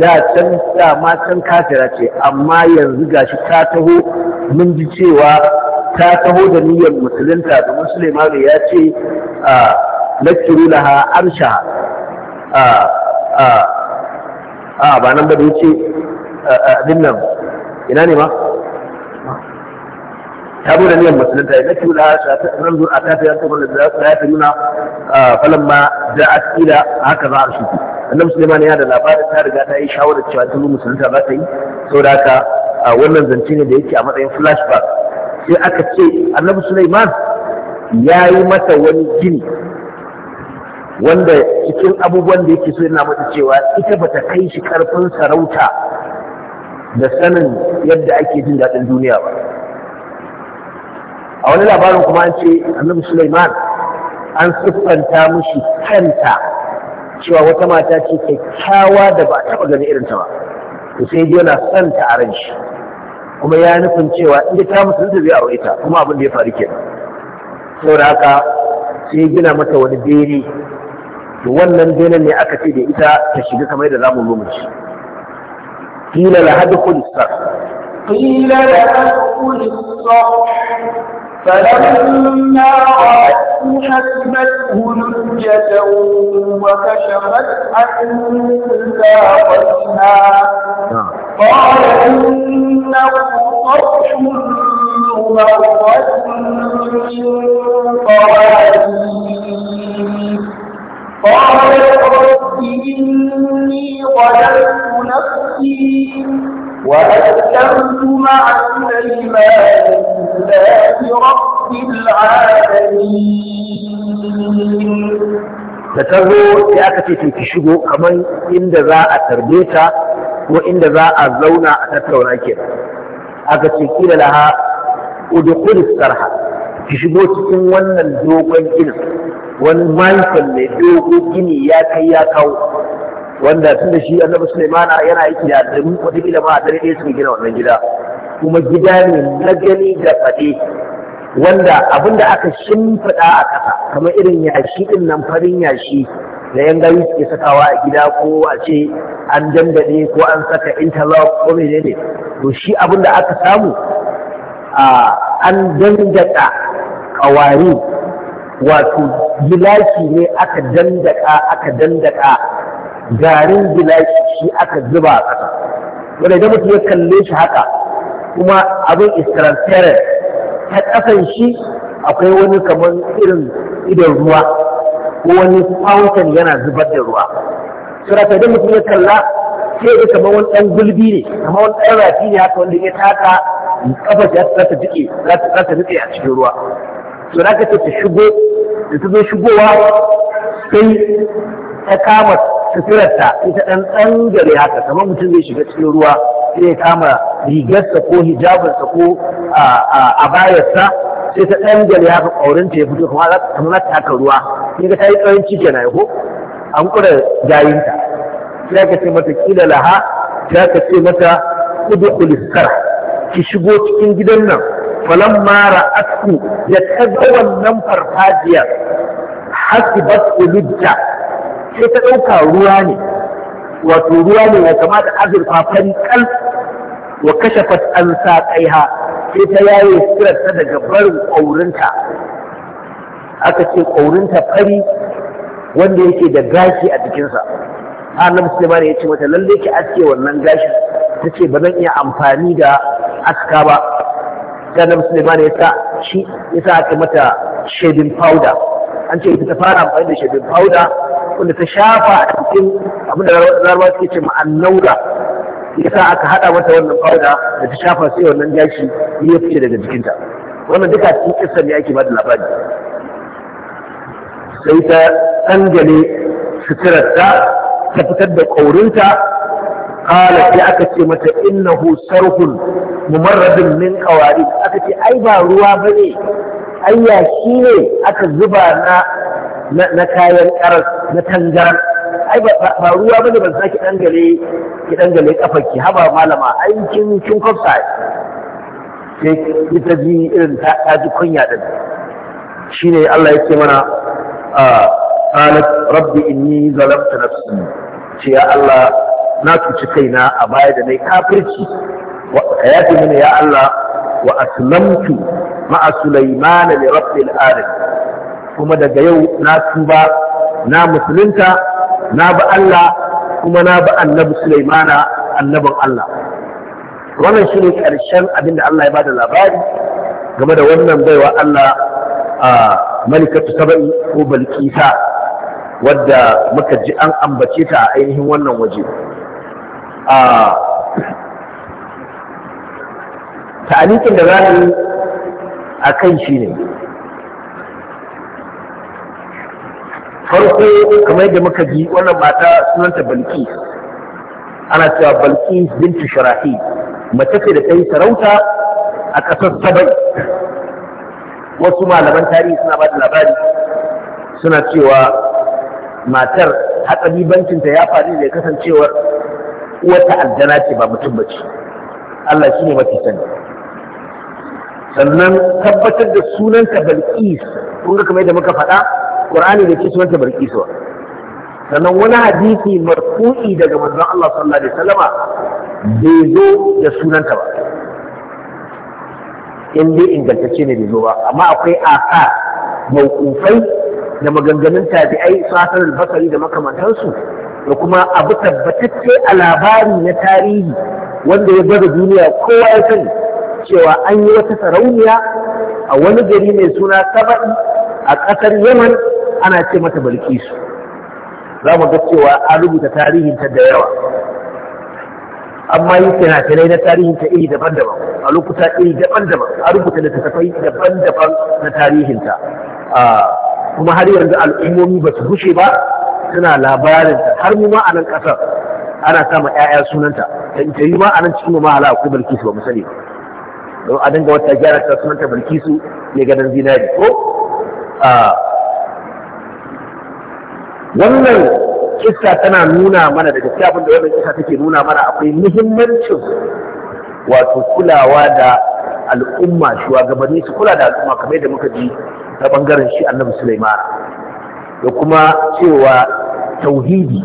da can da ma can kafira ce amma yanzu gashi ta taho mun ji cewa ta taho da niyyar musulunta da ne ya ce a lakiru laha arsha a a a ba nan ba da ce abin nan ina ne ma ta zo da niyyar musulunta ya lakiru laha nan zuwa ta ta yanka wanda za ta nuna falan ma da asila haka za a shi annabi ne ya da labarin ta riga ta yi shawarar cewa ta musulunta za ta yi saboda haka wannan zance ne da yake a matsayin flashback sai aka ce annabi Sulaiman ya yi mata wani gini wanda cikin abubuwan da yake so yana mata cewa ita bata kai shi karfin sarauta da sanin yadda ake jin daɗin duniya ba a wani labarin kuma an ce annabi Sulaiman an siffanta mushi kanta cewa wata mata ce kyakkyawa da ba a taɓa gani irinta ba to sai yana santa a ran shi kuma ya nufin cewa in ta musulunta zai aure ta kuma abin da ya faru kenan saboda haka sai gina mata wani bene to wannan benen ne aka ce da ita ta shiga kamar da zamu zo mu ci qila la hadkhul as-sar qila la فلما رأته حسبته نجية وكشفت عن ساقتها نعم. قال إنه صرح ممرد من قوارير قالت رب إني ظلمت نفسي وأسلمت مع سليمان لله رب العالمين da ta zo sai aka ce to ki shigo kamar inda za a tarbe ta ko inda za a zauna a tattauna kenan aka ce kila laha udkhul sarha ki shigo cikin wannan dogon ginin wani mahaifin mai dogo gini ya kai ya kawo wanda tun da shi annabi Sulaiman yana aiki da alƙalmi wataƙila ma a dare ɗaya suka gina wannan gida kuma gida ne na gani da faɗe wanda abin da aka shimfida a ƙasa kamar irin yashi ɗin nan farin yashi da yan gari suke sakawa a gida ko a ce an dandade ko an saka interlock ko menene to shi abin aka samu a an dangada kawari wato gilashi ne aka dandaka aka dandaka garin gilashi shi aka zuba a ƙasa wanda idan mutum ya kalle shi haka kuma abin is ta ƙasan shi akwai wani kamar irin idan ruwa ko wani fountain yana zubar da ruwa sura ta idan mutum ya kalla sai ya kamar wani ɗan gulbi ne kamar wani ɗan rafi ne haka wanda ya taka ƙafa shi za ta jike za ta nutse a cikin ruwa to da ce ta shigo da ta zo shigowa sai ta kama suturarta ita ɗan ɗangare haka kamar mutum zai shiga cikin ruwa sai ya kama rigarsa ko hijabarsa, ko a bayarsa sai ta ɗangare haka ƙaurinta ya fito kamar za ta haka ruwa sai ga ta yi tsawon ciki na ko an kura jayinta sai ka ce mata kila laha sai ka ce mata ƙudu ƙuliskar. ki shigo cikin gidan nan falamma Da ya kaga wannan farfajiyar hasibat ulujja sai ta ɗauka ruwa ne wato ruwa ne ya kama da azurfa fari wa kashe an sa kaiha sai ta yaye sirarta daga barin ƙaurinta aka ce ƙaurinta fari wanda yake da gashi a jikinsa annabi Sulaiman ya ce mata lalle ki aske wannan gashin ta ce ba zan iya amfani da aska ba annabi Sulaiman ya sa shi ya sa aka mata shedin powder an ce ita ta fara amfani da shedin powder wanda ta shafa a cikin abin da larabawa suke ce ya yasa aka haɗa mata wannan fauda da ta shafa sai wannan gashi ya fice daga jikinta wannan duka cikin kissa ne ake bada labari sai ta tangale suturarta ta fitar da ƙaurinta kala sai aka ce mata innahu sarhun mumarradin min qawarid aka ce ai ba ruwa bane Ayya shi ne aka zuba na na kayan karas na tangaran ai ba ruwa bane ban saki dan gale ki dan gale kafarki haba malama ai kin kin kwafsa sai ita ji irin ta ji kunya din shine Allah yake mana ah, qalat rabbi inni zalamtu nafsi ce ya Allah na cuci kaina a baya da nayi kafirci wa ayati ya Allah wa aslamtu ma'a Sulaiman li rabbil alamin kuma daga yau na tuba na musulunta na bi Allah kuma na bi annabi Sulaiman annabin Allah wannan shine karshen abinda Allah ya bada labari game da wannan baiwa Allah a malikatu saba'i ko balkisa wadda muka ji an ambace ta a ainihin wannan waje a ta'alikin da za mu a kan shi ne farko kamar yadda muka ji wannan mata sunanta balki ana cewa balki bintu shara'i mace ce da ta yi sarauta a ƙasar sabai wasu malaman tarihi suna ba da labari suna cewa matar bankinta ya faru da kasancewar wata aljana ce ba mutum ba ce Allah shi ne mafi sani sannan tabbatar da sunanta balkis kun ga kamar yadda muka faɗa qur'ani da ke sunanta balkis ba sannan wani hadisi marfu'i daga manzon Allah sallallahu alaihi wasallama bai zo da sunanta ba in dai ingantacce ne bai zo ba amma akwai aka mawqufai da maganganun tabi'ai su al da makamantansu da kuma abu tabbatacce a labari na tarihi wanda ya bada duniya kowa ya sani cewa an yi wata sarauniya a wani gari mai suna saba'i a ƙasar yaman ana ce mata bilkisu za mu ga cewa an rubuta tarihinta da yawa amma yi fina-finai na tarihinta iri daban-daban a lokuta iri daban-daban an rubuta littattafai daban-daban na tarihinta kuma har yanzu al'ummomi ba su rushe ba suna labarinta har mu ma a nan ƙasar ana sama 'ya'ya sunanta da ita yi ma a nan cikin mu ma ko bilkisu ba mu sani ba don a dinga wata gyara ta sunan ta barki su ne gadon zinari ko a wannan kissa tana nuna mana daga cikin abin da wannan kissa take nuna mana akwai muhimmancin wato kulawa da al'umma shugabanni su kula da al'umma kamar yadda muka ji ta bangaren shi annabi Sulaiman da kuma cewa tauhidi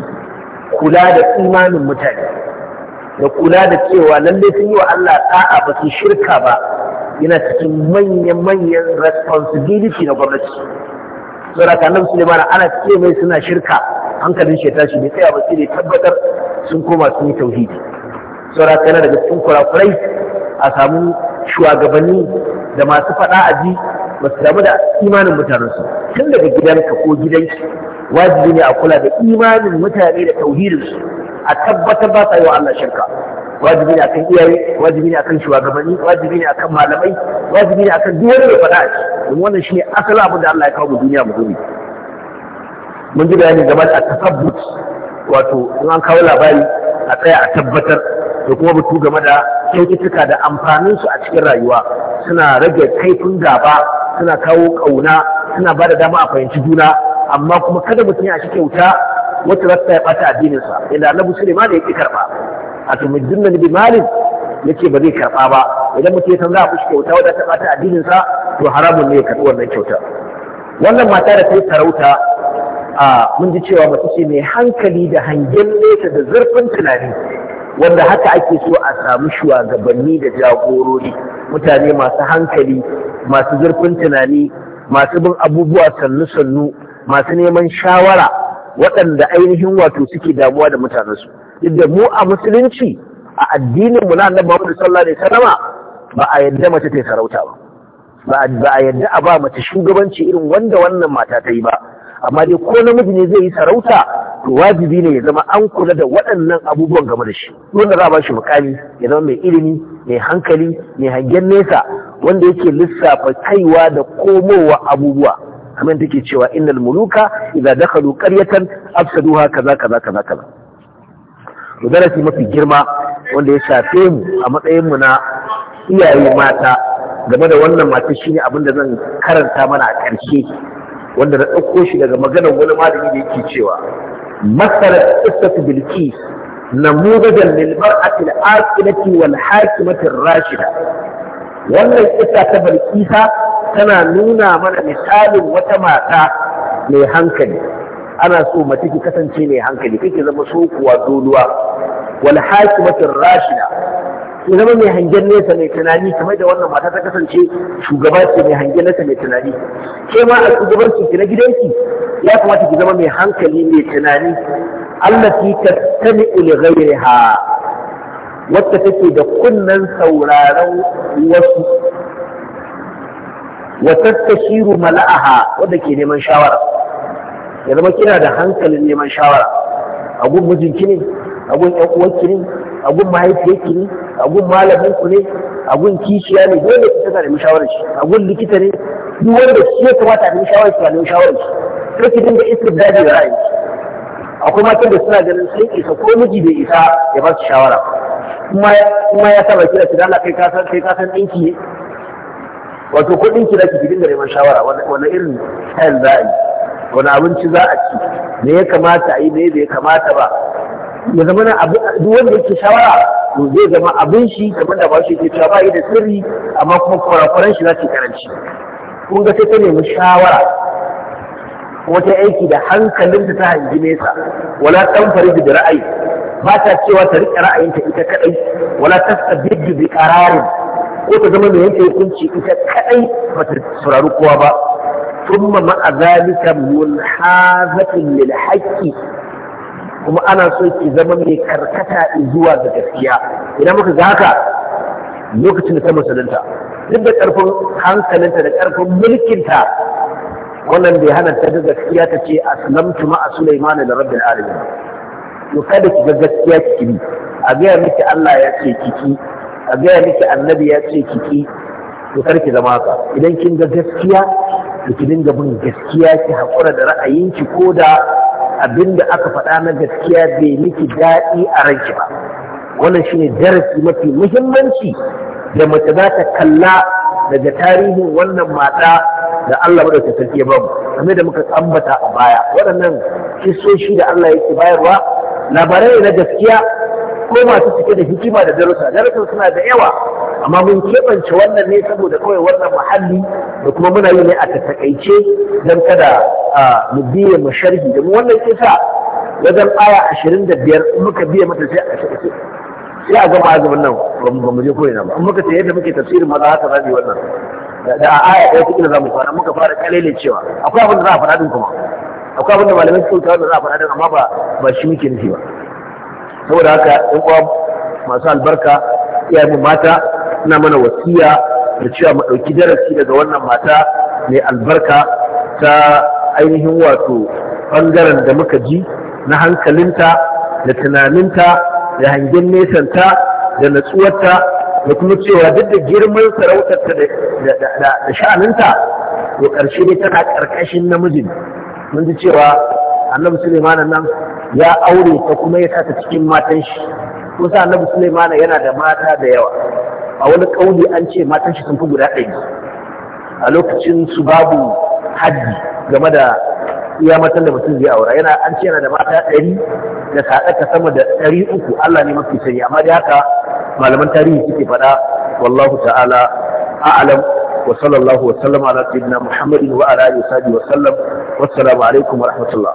kula da imanin mutane da kula da cewa lallai sun yi wa Allah ta'a ba su shirka ba yana cikin manyan-manyan responsibility na gwamnati saboda nan Suleiman ana ce mai suna shirka hankalin shi tashi bai tsaya ba sai dai tabbatar sun koma sun yi tauhidi saboda kana daga cikin kurakurai a samu shugabanni da masu faɗa a ji ba su damu da imanin mutanensu tun daga gidanka ko gidanki wajibi ne a kula da imanin mutane da tauhidinsu a tabbatar ba sa yi wa Allah shirka wajibi ne akan iyaye wajibi ne akan shugabanni wajibi ne akan malamai wajibi ne akan duk wanda ya faɗa a ci domin wannan shine asalin abin da Allah ya kawo mu duniya mu gobe mun ji bayani game da tasabbut wato in an kawo labari a tsaya a tabbatar da kuma mutu game da kyaututtuka da amfanin su a cikin rayuwa suna rage kaifin gaba suna kawo kauna suna ba da dama a fahimci juna amma kuma kada mutum ya shi kyauta wacce za ta bata addinin sa inda annabi Sulaiman ya ki karba a to mujinnan bi malik yace ba zai karba ba idan mutum ya san za a fushi kyauta wadda ta bata addinin to haramun ne ya karbi wannan kyauta wannan mata da ta yi sarauta a mun ji cewa mace ce mai hankali da hangen nesa da zurfin tunani wanda haka ake so a samu shugabanni da jagorori mutane masu hankali masu zurfin tunani masu bin abubuwa sannu-sannu masu neman shawara waɗanda ainihin wato suke damuwa da mutanensu duk da mu a musulunci a addinin mu na annabi Muhammad sallallahu alaihi wasallama ba a yadda mace ta sarauta ba ba a yadda a ba mace shugabanci irin wanda wannan mata ta yi ba amma dai ko namiji ne zai yi sarauta to wajibi ne ya zama an kula da waɗannan abubuwan game da shi wanda za a ba shi mukami ya zama mai ilimi mai hankali mai hangen nesa wanda yake lissafa kaiwa da komowa abubuwa kamar take cewa innal muluka idza dakhalu qaryatan afsaduha kaza kaza kaza kaza to darasi mafi girma wanda ya shafe mu a matsayin mu na iyaye mata game da wannan mata shine abin da zan karanta mana a ƙarshe wanda na ɗauko shi daga maganar wani malami da yake cewa masarar istatu bilki namudajan lil mar'ati al-aqilati wal hakimati ar-rashida wannan kisa ta balkisa tana nuna mana misalin wata mata mai hankali ana so mace ki kasance mai hankali kake zama so kuwa doluwa wal hakimatir rashida ki zama mai hangen nesa mai tunani kamar da wannan mata ta kasance shugaba ce mai hangen nesa mai tunani ke ma a shugabancin ki na gidanki ya kamata ki zama mai hankali mai tunani allati tattami'u li ghayriha wacce take da kunnen sauraron wasu wa shiru mala'aha wadda ke neman shawara ya zama kina da hankalin neman shawara a gun mijinki ne a gun ƴan uwanki ne a gun mahaifiyarki ne a gun malamin ku ne a gun kishiya ne dole ki tsaka neman shawara shi a gun likita ne duk wanda shi ya kamata a neman shawara shi a neman shawara shi sai ki dinga daji da ra'ayi akwai matan da suna ganin sai isa ko miji bai isa ya ba su shawara kuma ya saba kira shi dala kai kasan kai ka dinki ne wato kudin ki zaki dinga neman shawara wani irin style za a yi wani abinci za a ci me ya kamata a yi me bai kamata ba ya zama na duk wanda yake shawara to zai zama abin shi kamar da ba shi ke cewa ba yi da sirri amma kuma kwarafaran shi za su karanci kun ga sai ta nemi shawara wata aiki da hankalinta ta hangi nesa wala ɗan fari da ra'ayi ba ta cewa ta riƙe ra'ayinta ita kaɗai wala ta sabiddu bi qararin ko ta zama mai yanke hukunci ita kaɗai ba ta saurari kowa ba ثم مع ذلك منحازة للحق kuma ana so ki zama mai karkata zuwa ga gaskiya idan muka ga haka lokacin da ta musulunta duk da karfin hankalinta da ƙarfin mulkinta wannan bai hana ta da gaskiya ta ce aslamtu ma'a sulaiman da rabbil alamin to kada ki ga gaskiya ki bi a gaya miki Allah ya ce kiki a gaya miki annabi ya ce kiki to kar ki zama ka. idan kin ga gaskiya to ki dinga bin gaskiya ki hakura da ra'ayinki ko da abin da aka faɗa na gaskiya bai miki daɗi a ranki ba wannan shine darasi mafi muhimmanci da mace za ta kalla daga tarihin wannan mata da Allah madaukakin sarki ya bamu kamar da muka ambata a baya waɗannan kisoshi da Allah yake bayarwa labarai na gaskiya ko masu cike da hikima da darussa Darussa suna da yawa amma mun keɓance wannan ne saboda kawai wannan muhalli da kuma muna yi ne a takaice don kada mu biye mu sharhi da mu wannan kisa wajen aya ashirin da biyar muka biye mata sai a shirke sai a gama azumin nan ba mu je ko ina ba in muka ce yadda muke tafsirin maza haka za mu yi wannan da a aya ɗaya cikin za mu fara, muka fara kalele cewa akwai abin da za a faɗa kuma akwai abin da malamai suka kawo da za a faɗa amma ba ba shi muke nufi ba saboda haka in uwa masu albarka iyaye mata suna mana wasiya da cewa mu ɗauki darasi daga wannan mata mai albarka ta ainihin wato ɓangaren da muka ji na hankalinta da tunaninta da hangen nesanta da natsuwarta da kuma cewa duk da girman sarautarta da sha'aninta to ƙarshe dai tana ƙarƙashin namijin mun ji cewa annabi Sulaiman nan ya aure ta kuma ya sa ta cikin matan shi kusa annabi Sulaiman yana da mata da yawa a wani kauli an ce matan shi sun fi guda ɗari a lokacin su babu haddi game da iya matan da mutum zai aura yana an ce yana da mata ɗari da saɗaka sama da ɗari uku Allah ne mafi sani amma dai haka malaman tarihi suke faɗa wallahu ta'ala a'lam وصلى الله وسلم على سيدنا محمد وعلى اله وصحبه وسلم والسلام عليكم ورحمه الله